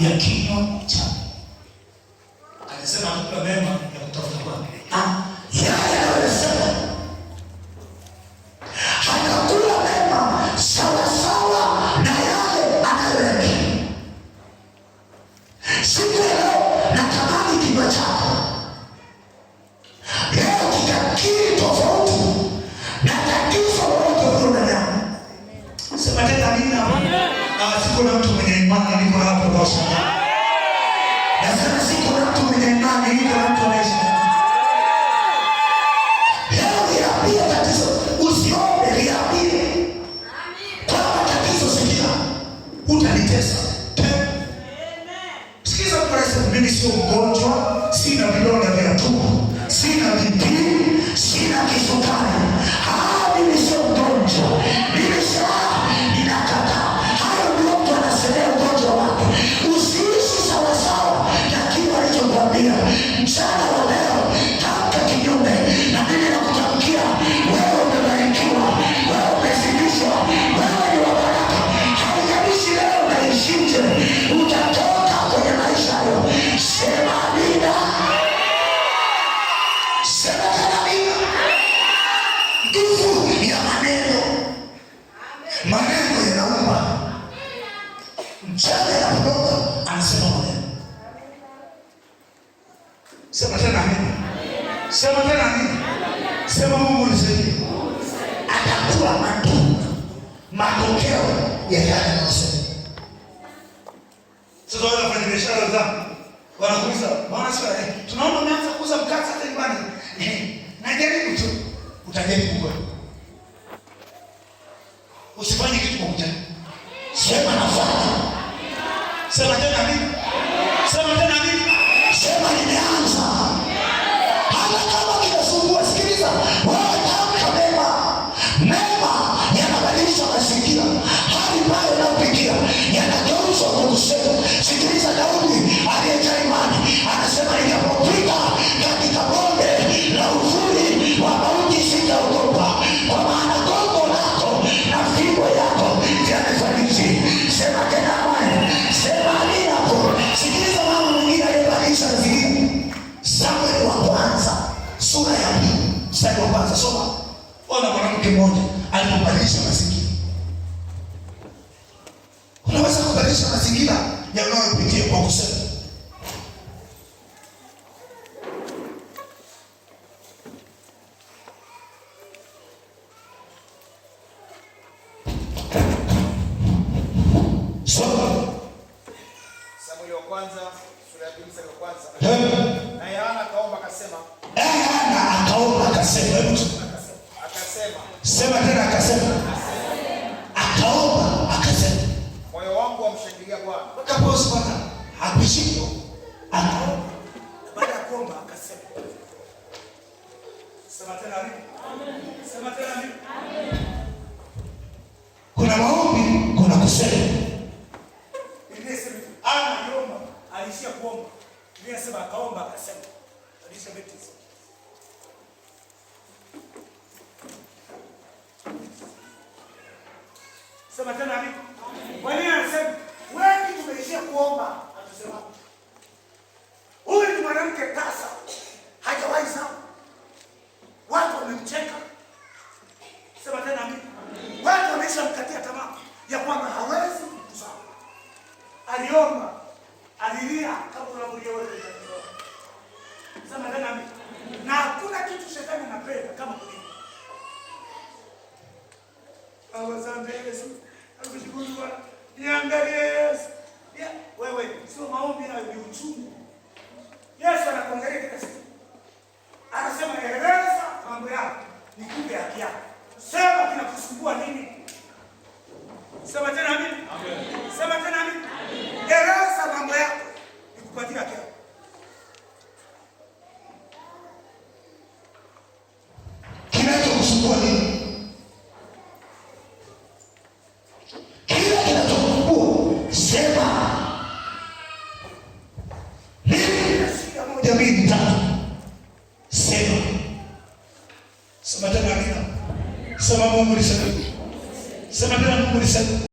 ya kinywa cha anasema mtu mema ya kutafuta kwake. Ah, Sema tena nini? Na wasiku mtu mwenye imani niko hapa kutosha. Lazima siko na mtu mwenye imani hivyo na mtu anaishi. mimi sio mgonjwa, sina vidonda vya tumbo, sina BP, sina kisukari. Ah, mimi nguvu ya maneno. Maneno yanaumba. Mchawi anapotoka anasema maneno. Sema tena amina. Sema tena amina. Sema Mungu nisaidie. Atakuwa matunda, matokeo ya yale anayosema. Sasa wale wafanya biashara za wanakuza, maana sio tunaomba mmeanza kuuza mkate hata nyumbani. Eh, utajiri kubwa. Usifanye kitu kwa kujali. Sema nafanya. Sema tena mimi. Sema tena mimi. Sema nimeanza. alioa na mwanamke mmoja, alipobadilisha mazingira. Unaweza kubadilisha mazingira ya unayopitia kwa kusema Naye Hana akaomba akasema, Sema tena, akasema akaomba, akasema moyo wangu wamshangilia Bwana. Akaposi Bwana akishiko akaomba. Baada ya kuomba akasema, sema tena amen, sema tena amen. Kuna maombi, kuna kusema. Ndiye sema ana yoma alishia kuomba, ndiye sema akaomba, akasema alishia betizo tena niko. Wengine wanasema wengi tumeishia kuomba atusema. Huyu ni mwanamke tasa. Hajawahi sawa. Watu wamemcheka. Sema tena mimi. Watu wameisha mkatia tamaa ya kwamba hawezi kuzaa. Aliomba, alilia kama unavyolia wewe. Sema tena mimi. Na hakuna kitu shetani anapenda kama kulia. Awazande Yesu. Nakushukuru, niangalie Yesu. Wewe sio maombi hayo, ni uchungu. Yesu anakuangalia kila siku. David sema, sema tena, sema Mungu nisaidie, sema tena Mungu nisaidie.